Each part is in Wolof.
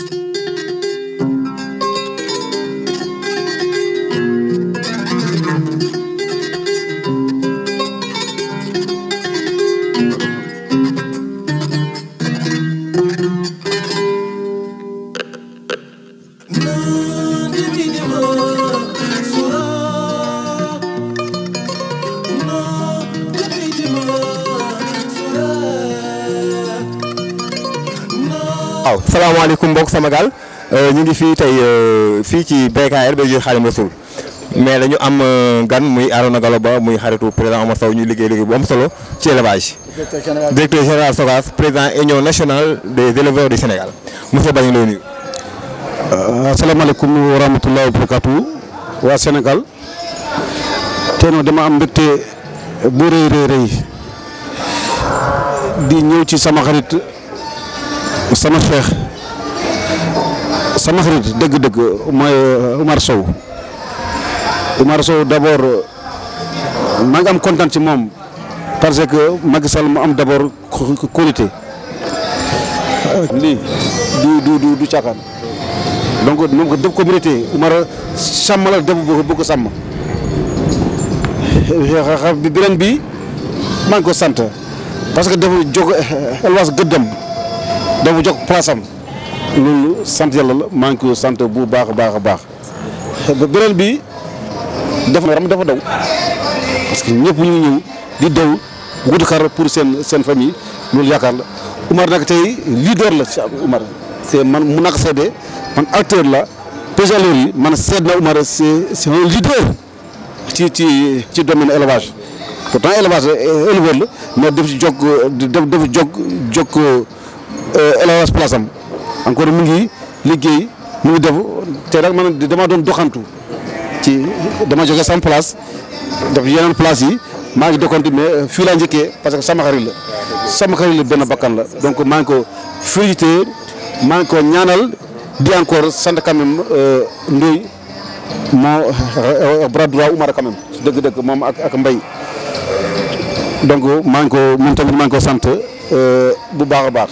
thank you waaw salaamaaleykum mbokk sama gaal euh, ñu ngi fii tey euh, fii ci BKR ba jël Xaadimu Rasuul mais dañu am euh, gan muy Arona Gallo Ba muy xaritu président Omar Sow ñuy liggéey liggéey bu am solo ci élevage. directeur général SOGAS président union nationale des éleveurs du Sénégal monsieur Ba ñu ngi lay nuyu. asalaamaaleykum wa waa Sénégal tey nag dama am mbégte bu rëy rëy rëy di ñëw ci sama xarit. sama xex sama xarit deug deug moy Omar Sow Omar Sow d'abord ma nga am content ci mom parce que Macky Sall mo am d'abord qualité li du du du du chakan donc mom ko deug ko mérité Omar sam la deug bu ko sam bi bi man ko sante parce que dafa jog elwas geudam dafa jox place am loolu sant yàlla la maa ngi sant bu baax a baax a baax beneen bi dafa ram dafa daw parce que ñëpp ñu di daw wuti xar pour seen seen famille loolu yaakaar la nag tey lii la ci Umar man mu naka seede man acteur la yi man seet na Umar c'est c'est un ci ci ci élevage pourtant élevage éleveur la mais daf ci jokk daf daf élevage euh, place am encore mu ngi liggéey mu ngi def te nag man dama doon doxantu ci dama jóge sam place def yenen place yi ma ngi doxantu mais fi la njëkkee parce que sama xarit la sama xarit la ben bakkan la donc ma ngi ko félicité ma ngi ko ñaanal di encore sant quand même euh Ndoye mo euh, bra droit Oumar quand même deug deug mom ak ak mbay donc ma ngi ko moom tamit ma ngi ko sant euh, bu baax baax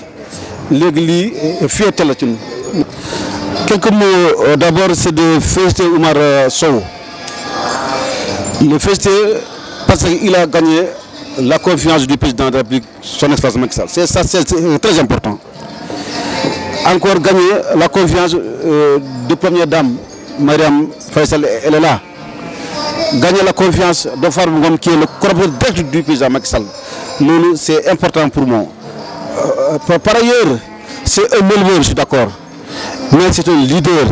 L'église est euh, fierté la quelques mots euh, d'abord c'est de fêter Oumar euh, Sow le fêter parce qu'il a gagné la confiance du président de la République son espace Maxal. c'est ça c'est très important encore gagner la confiance de première dame Mariam Faisal, elle est là gagner la confiance de Mouham, qui est le corps direct du président Macky c'est important pour moi euh, euh, par ailleurs, c'est un éleveur, je suis d'accord, mais c'est un leader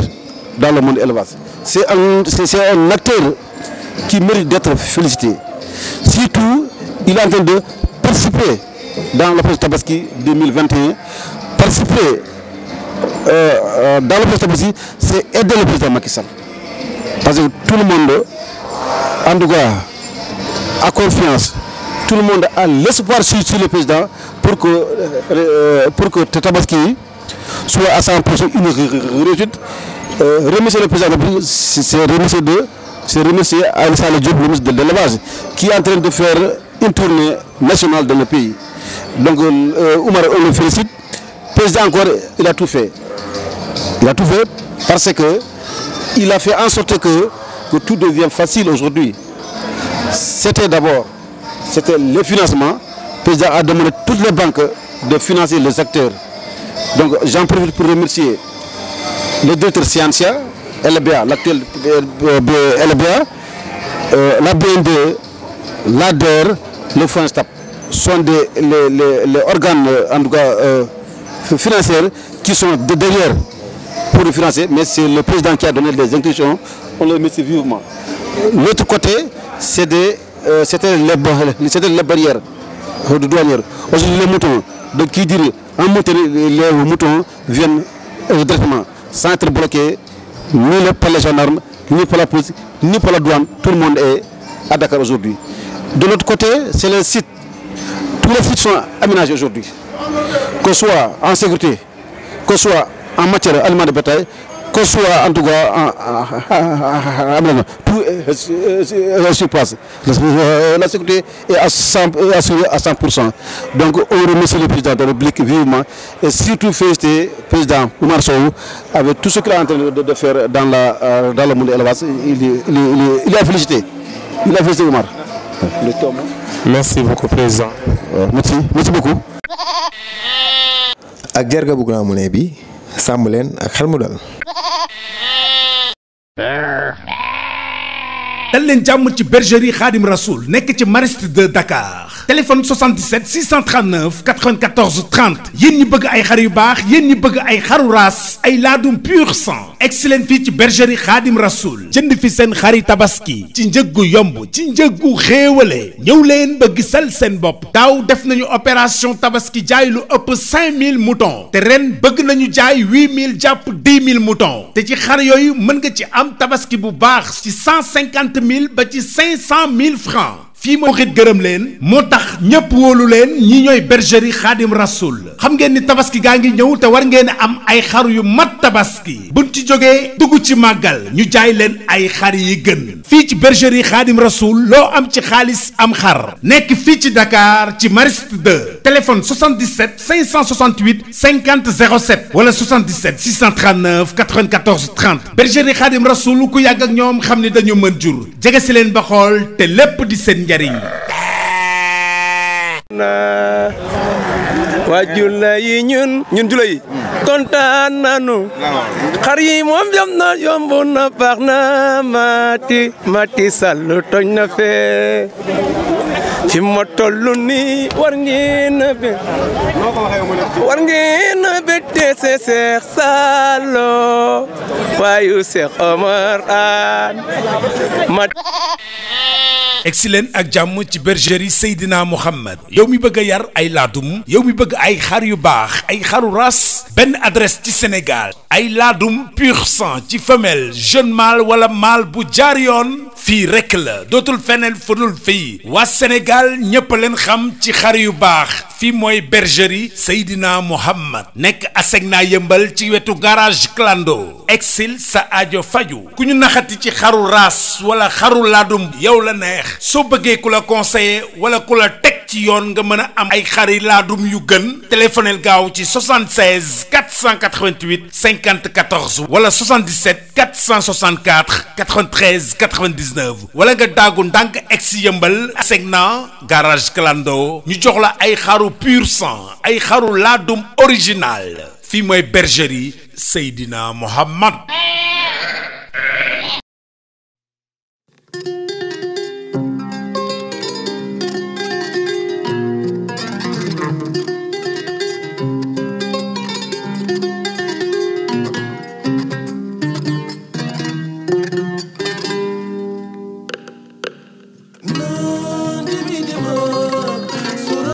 dans le monde élevage. C'est un, acteur qui mérite d'être félicité. Surtout, il est en train de participer dans la de Tabaski 2021, participer euh, dans le projet Tabaski, c'est aider le président Macky Sall. Parce que tout le monde, en tout cas, a confiance, tout le monde a l'espoir sur le président pour que, Tetabaski euh, euh, pour que soit à 100% une réussite. Euh, remercier le président c'est remercier de c'est remercier Alessandro Diop, le ministre de, l'élevage, qui est en train de faire une tournée nationale dans le pays. Donc, euh, Oumar, on le félicite. Président encore, il a tout fait. Il a tout fait parce que il a fait en sorte que, tout devienne facile aujourd'hui. C'était d'abord, c'était le financement, président a demandé à toutes les banques de financer les acteurs. Donc j'en profite pour remercier le directeur Scientia, LBA, l'actuel euh, euh, LBA, euh, la BND, l'ADER, le FONSTAP sont des, les, organes en tout cas, euh, financiers qui sont des derrière pour le financer, mais c'est le président qui a donné des intentions, on le remercie vivement. L'autre côté, c'était euh, les, les barrières douanières. Aujourd'hui, les moutons, donc qui dirait en mouton, les moutons viennent euh, directement, sans être bloqués, ni par les gendarmes, ni par la police, ni par la douane. Tout le monde est à Dakar aujourd'hui. De l'autre côté, c'est le site. Tous les sites sont aménagés aujourd'hui. Que ce soit en sécurité, que ce soit en matière allemande de bataille qu'on soit en tout cas en, sur place. La sécurité est assurée À 100%. Donc on remercie le président de la République vivement et surtout féliciter le président Oumar Sow avec tout ce qu'il a en train de, faire dans, la, dans le monde élevage. Il, il, il, il a félicité. Il a félicité Oumar. Le Merci beaucoup, Président. merci, merci beaucoup. ak Gerga bu grand moulin bi sàmm dal leen jàmm ci bergerie Khadim Rasoul nekk ci mariste de Dakar téléphone 77 639 94 30 yeen ñi bëgg ay xar yu baax yeen ñi ay xaru ay pur sang Excellent, leen bergerie Khadim Rasoul jënd fi seen xari tabaski ci yombo, yomb ci njëg gu xéewale ñëw leen ba gisal seen def nañu opération tabaski jaay lu ëpp 5000 moutons te ren bëgg nañu jaay 8000 jàpp 10000 moutons te ci xar yooyu am tabaski bu baax ci 150 000 ba 500 000 francs fii moo xit gërëm leen moo tax ñëpp woolu leen ñi ñooy bergerie xaadim rasul xam ngeen ni tabaski gaa ngi ñëw te war ngeen am ay xar yu mat tabaski buñ ci jógee dugg ci màggal ñu jaay leen ay xar yi gën fii ci bergerie xaadim rasul loo am ci xaalis am xar nekk fii ci Dakar ci Mariste de téléphone 77 568 50 07 wala 77 639 94 30 bergerie xaadim rasul ku yàgg ak ñoom xam ni dañu mën jur jege si leen ba xool te lépp di seen njëriñ njariñ na waa jula yi ñun ñun jula yi kontaan nanu xar yi moom yom na yomb na baax na mati mati sàllu toñ na fee fi ma toll nii war ngeen a bég war ngeen a bég dese Seex Saalo waayu Seex Omar ak jàmm ci bergerie Seydina Mohamed yow mi bëgg yar ay laadum yow mi bëgg ay xar yu baax ay xaru ras benn adresse ci Sénégal ay laadum pur sang ci femelle jeune mâle wala mâle bu jaar yoon fii rek la dootul feneen fudul fii waa Sénégal ñëpp leen xam ci xar yu baax fi mooy bergerie Seydina Mohamed nekk Asegna yëmbal ci wetu garage clando exil sa aajo faju ku ñu naxati ci xaru raas wala xaru laadum yow la neex soo bëggee ku la conseiller wala ku la teg Téléphone ci nga am 76 488 54 wala 77 464 93 99 wala nga daagu ndànk egg segna garage clando ñu jox la ay xaru pur sang ay xaru original fii mooy bergerie Seydina Mohammed